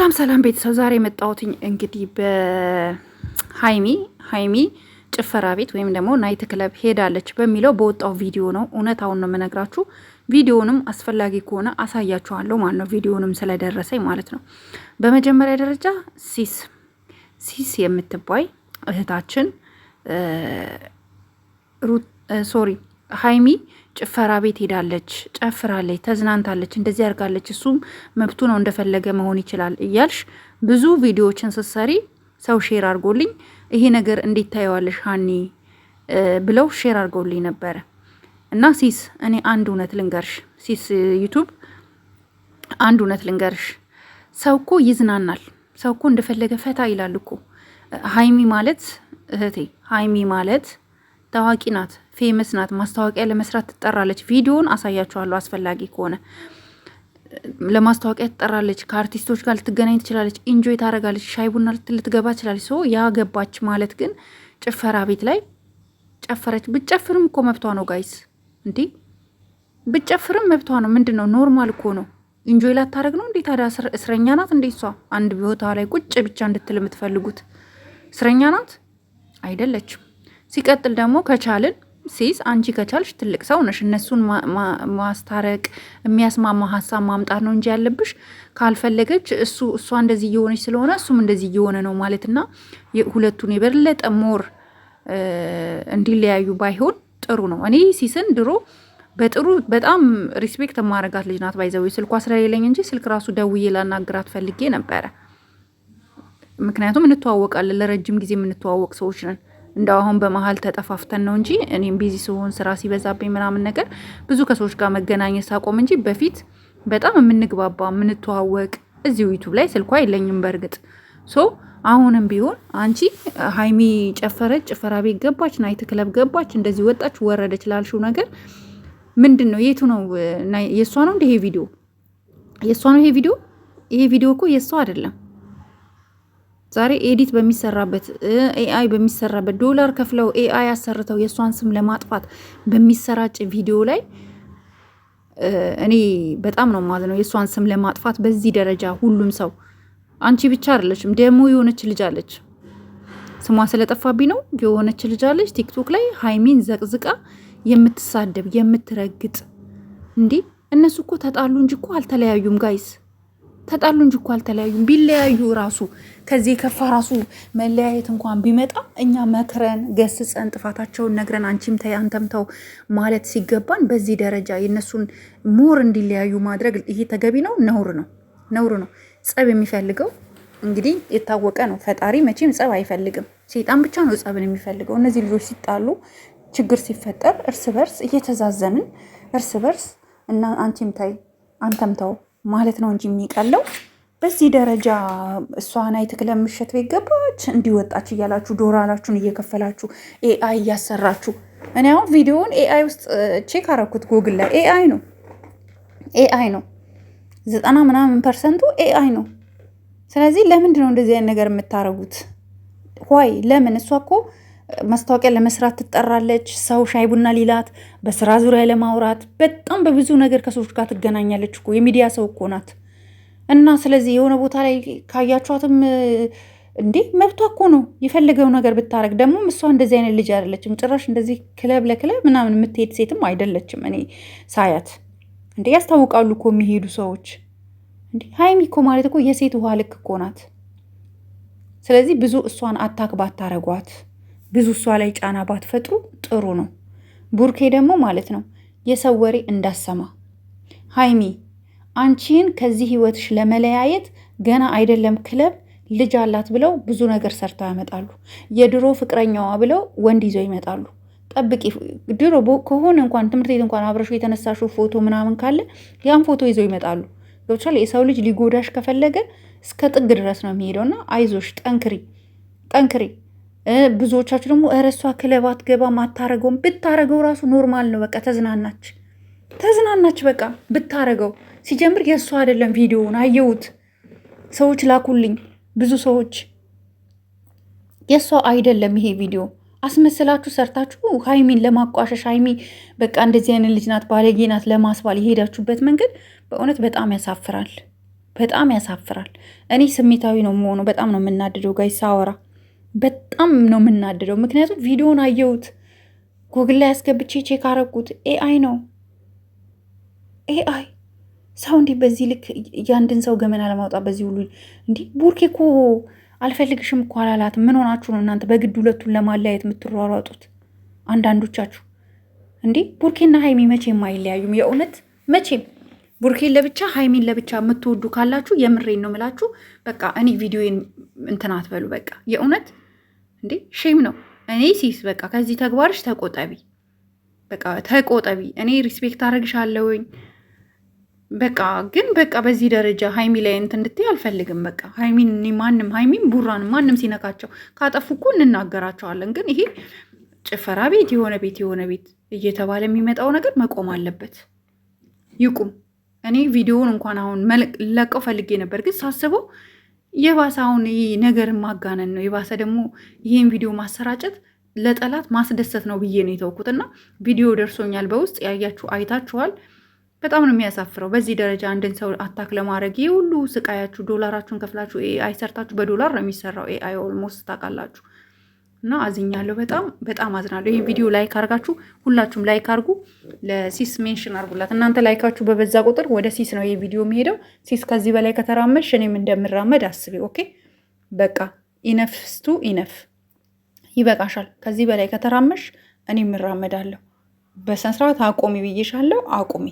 ሰላም ሰላም ቤተሰብ፣ ዛሬ የመጣሁትኝ እንግዲህ በሀይሚ ሀይሚ ጭፈራ ቤት ወይም ደግሞ ናይት ክለብ ሄዳለች በሚለው በወጣው ቪዲዮ ነው። እውነታውን ነው የምነግራችሁ። ቪዲዮንም አስፈላጊ ከሆነ አሳያችኋለሁ ማለት ነው። ቪዲዮንም ስለደረሰኝ ማለት ነው። በመጀመሪያ ደረጃ ሲስ ሲስ የምትባይ እህታችን ሶሪ ሀይሚ ጭፈራ ቤት ሄዳለች፣ ጨፍራለች፣ ተዝናንታለች፣ እንደዚህ ያርጋለች፣ እሱም መብቱ ነው እንደፈለገ መሆን ይችላል እያልሽ ብዙ ቪዲዮዎችን ስትሰሪ ሰው ሼር አድርጎልኝ ይሄ ነገር እንዴት ታየዋለሽ ሀኒ ብለው ሼር አድርገውልኝ ነበረ። እና ሲስ እኔ አንድ እውነት ልንገርሽ፣ ሲስ ዩቱብ አንድ እውነት ልንገርሽ፣ ሰው እኮ ይዝናናል። ሰው እኮ እንደፈለገ ፈታ ይላል እኮ። ሀይሚ ማለት እህቴ ሀይሚ ማለት ታዋቂ ናት፣ ፌመስ ናት። ማስታወቂያ ለመስራት ትጠራለች። ቪዲዮን አሳያችኋለሁ አስፈላጊ ከሆነ ለማስታወቂያ ትጠራለች። ከአርቲስቶች ጋር ልትገናኝ ትችላለች። ኢንጆይ ታደርጋለች። ሻይ ቡና ልትገባ ትችላለች። ሰው ያገባች ማለት ግን ጭፈራ ቤት ላይ ጨፈረች። ብጨፍርም እኮ መብቷ ነው ጋይስ፣ እንዲህ ብጨፍርም መብቷ ነው። ምንድን ነው ኖርማል እኮ ነው። ኢንጆይ ላታደርግ ነው እንዴ ታዲያ? እስረኛ ናት እንዴ እሷ? አንድ ቦታ ላይ ቁጭ ብቻ እንድትል የምትፈልጉት እስረኛ ናት አይደለችም። ሲቀጥል ደግሞ ከቻልን ሲስ አንቺ ከቻልሽ ትልቅ ሰው ነሽ። እነሱን ማስታረቅ የሚያስማማ ሀሳብ ማምጣት ነው እንጂ ያለብሽ። ካልፈለገች እሱ እሷ እንደዚህ እየሆነች ስለሆነ እሱም እንደዚህ እየሆነ ነው ማለትና ሁለቱን የበለጠ ሞር እንዲለያዩ ባይሆን ጥሩ ነው። እኔ ሲስን ድሮ በጥሩ በጣም ሪስፔክት የማረጋት ልጅ ናት። ባይዘዊ ስልኳ ስለሌለኝ እንጂ ስልክ ራሱ ደውዬ ላናግራት ፈልጌ ነበረ። ምክንያቱም እንተዋወቃለን፣ ለረጅም ጊዜ የምንተዋወቅ ሰዎች ነን። እንደው አሁን በመሀል ተጠፋፍተን ነው እንጂ እኔም ቢዚ ስሆን ስራ ሲበዛብኝ ምናምን ነገር ብዙ ከሰዎች ጋር መገናኘት ሳቆም እንጂ በፊት በጣም የምንግባባ የምንተዋወቅ እዚሁ ዩቱብ ላይ ስልኳ የለኝም በእርግጥ ሶ አሁንም ቢሆን አንቺ ሀይሚ ጨፈረች፣ ጭፈራ ቤት ገባች፣ ናይት ክለብ ገባች፣ እንደዚህ ወጣች፣ ወረደች ላልሽው ነገር ምንድን ነው? የቱ ነው የእሷ ነው እንደ ይሄ ቪዲዮ የእሷ ነው ይሄ ቪዲዮ ይሄ ቪዲዮ እኮ የእሷ አይደለም። ዛሬ ኤዲት በሚሰራበት ኤአይ በሚሰራበት ዶላር ከፍለው ኤአይ አሰርተው የእሷን ስም ለማጥፋት በሚሰራጭ ቪዲዮ ላይ እኔ በጣም ነው ማለት ነው የእሷን ስም ለማጥፋት በዚህ ደረጃ ሁሉም ሰው አንቺ ብቻ አይደለችም። ደግሞ የሆነች ልጅ አለች፣ ስሟ ስለጠፋብኝ ነው። የሆነች ልጅ አለች ቲክቶክ ላይ ሀይሚን ዘቅዝቃ የምትሳደብ የምትረግጥ። እንዲህ እነሱ እኮ ተጣሉ እንጂ እኮ አልተለያዩም ጋይስ ተጣሉ እንጂ እኮ አልተለያዩም። ቢለያዩ ራሱ ከዚህ የከፋ ራሱ መለያየት እንኳን ቢመጣ እኛ መክረን ገስጸን ጥፋታቸውን ነግረን አንቺም ተይ አንተም ተው ማለት ሲገባን በዚህ ደረጃ የእነሱን ሞር እንዲለያዩ ማድረግ ይሄ ተገቢ ነው? ነውር ነው፣ ነውር ነው። ጸብ የሚፈልገው እንግዲህ የታወቀ ነው። ፈጣሪ መቼም ጸብ አይፈልግም። ሴጣን ብቻ ነው ጸብን የሚፈልገው። እነዚህ ልጆች ሲጣሉ ችግር ሲፈጠር እርስ በርስ እየተዛዘንን እርስ በርስ እና አንቺም ተይ አንተም ተው ማለት ነው እንጂ የሚቀለው በዚህ ደረጃ እሷን አይትክ ለምሸት ቤት ገባች እንዲወጣች እያላችሁ ዶላራችሁን እየከፈላችሁ ኤአይ እያሰራችሁ። እኔ አሁን ቪዲዮውን ኤአይ ውስጥ ቼክ አረኩት ጎግል ላይ ኤአይ ነው ኤአይ ነው ዘጠና ምናምን ፐርሰንቱ ኤአይ ነው። ስለዚህ ለምንድን ነው እንደዚህ አይነት ነገር የምታረጉት? ዋይ ለምን እሷ እኮ ማስታወቂያ ለመስራት ትጠራለች። ሰው ሻይ ቡና ሊላት፣ በስራ ዙሪያ ለማውራት በጣም በብዙ ነገር ከሰዎች ጋር ትገናኛለች እኮ የሚዲያ ሰው እኮ ናት። እና ስለዚህ የሆነ ቦታ ላይ ካያችኋትም እንዴ መብቷ እኮ ነው የፈለገው ነገር ብታረግ። ደግሞ እሷ እንደዚህ አይነት ልጅ አይደለችም። ጭራሽ እንደዚህ ክለብ ለክለብ ምናምን የምትሄድ ሴትም አይደለችም። እኔ ሳያት እንዴ ያስታውቃሉ እኮ የሚሄዱ ሰዎች። እንዴ ሀይሚ እኮ ማለት እኮ የሴት ውሃ ልክ እኮ ናት። ስለዚህ ብዙ እሷን አታክ ባታረጓት ብዙ እሷ ላይ ጫና ባትፈጥሩ ጥሩ ነው። ቡርኬ ደግሞ ማለት ነው የሰው ወሬ እንዳሰማ። ሀይሚ አንቺን ከዚህ ህይወትሽ ለመለያየት ገና አይደለም ክለብ ልጅ አላት ብለው ብዙ ነገር ሰርተው ያመጣሉ። የድሮ ፍቅረኛዋ ብለው ወንድ ይዘው ይመጣሉ። ጠብቂ። ድሮ ከሆነ እንኳን ትምህርት ቤት እንኳን አብረሹ የተነሳሹ ፎቶ ምናምን ካለ ያን ፎቶ ይዘው ይመጣሉ። ገብቻል። የሰው ልጅ ሊጎዳሽ ከፈለገ እስከ ጥግ ድረስ ነው የሚሄደውና አይዞሽ፣ ጠንክሪ ጠንክሬ ብዙዎቻችሁ ደግሞ እረሷ ክለብ አትገባም አታረገውም። ብታረገው ራሱ ኖርማል ነው። በቃ ተዝናናች ተዝናናች በቃ ብታረገው። ሲጀምር የእሷ አይደለም ቪዲዮውን አየሁት፣ ሰዎች ላኩልኝ፣ ብዙ ሰዎች የእሷ አይደለም ይሄ ቪዲዮ አስመስላችሁ ሰርታችሁ ሀይሚን ለማቋሸሽ ሀይሚ በቃ እንደዚህ አይነት ልጅ ናት ባለጌ ናት ለማስባል የሄዳችሁበት መንገድ በእውነት በጣም ያሳፍራል፣ በጣም ያሳፍራል። እኔ ስሜታዊ ነው የምሆነው። በጣም ነው የምናድደው ጋይ ሳወራ በጣም ነው የምናድደው። ምክንያቱም ቪዲዮን አየሁት፣ ጎግል ላይ አስገብቼ ቼክ አረኩት። ኤአይ ነው ኤአይ። ሰው እንዲህ በዚህ ልክ የአንድን ሰው ገመና ለማውጣት በዚህ ሁሉ እንዲህ። ቡርኬ እኮ አልፈልግሽም እኮ አላላት። ምን ሆናችሁ ነው እናንተ በግድ ሁለቱን ለማለያየት የምትሯሯጡት? አንዳንዶቻችሁ እንዴ ቡርኬና ሀይሚ መቼም አይለያዩም። የእውነት መቼም ቡርኬን ለብቻ ሀይሚን ለብቻ የምትወዱ ካላችሁ የምሬን ነው ምላችሁ። በቃ እኔ ቪዲዮን እንትን አትበሉ። በቃ የእውነት እንዴ ሼም ነው። እኔ ሲስ በቃ ከዚህ ተግባርሽ ተቆጠቢ፣ በቃ ተቆጠቢ። እኔ ሪስፔክት አደርግሻለሁኝ በቃ ግን በቃ በዚህ ደረጃ ሀይሚ ላይ እንትን እንድትይ አልፈልግም። በቃ ሀይሚን ማንም ሀይሚን ቡራን ማንም ሲነካቸው ካጠፉ እኮ እንናገራቸዋለን። ግን ይሄ ጭፈራ ቤት የሆነ ቤት የሆነ ቤት እየተባለ የሚመጣው ነገር መቆም አለበት፣ ይቁም። እኔ ቪዲዮውን እንኳን አሁን ለቀው ፈልጌ ነበር ግን ሳስበው የባሰ አሁን ነገር ማጋነን ነው። የባሰ ደግሞ ይህን ቪዲዮ ማሰራጨት ለጠላት ማስደሰት ነው ብዬ ነው የተውኩትና ቪዲዮ ደርሶኛል። በውስጥ ያያችሁ አይታችኋል። በጣም ነው የሚያሳፍረው። በዚህ ደረጃ አንድን ሰው አታክ ለማድረግ ይህ ሁሉ ስቃያችሁ፣ ዶላራችሁን ከፍላችሁ ኤአይ ሰርታችሁ፣ በዶላር ነው የሚሰራው ኤአይ ኦልሞስት ታውቃላችሁ። እና አዝኛለሁ። በጣም በጣም አዝናለሁ። ይህ ቪዲዮ ላይክ አርጋችሁ ሁላችሁም ላይክ አርጉ። ለሲስ ሜንሽን አርጉላት። እናንተ ላይካችሁ በበዛ ቁጥር ወደ ሲስ ነው ይህ ቪዲዮ የሚሄደው። ሲስ ከዚህ በላይ ከተራመድሽ እኔም እንደምራመድ አስቢ። ኦኬ በቃ ኢነፍስቱ ኢነፍ ይበቃሻል። ከዚህ በላይ ከተራመድሽ እኔም እራመዳለሁ። በስነስርዓት አቁሚ ብዬሻለሁ። አቁሚ።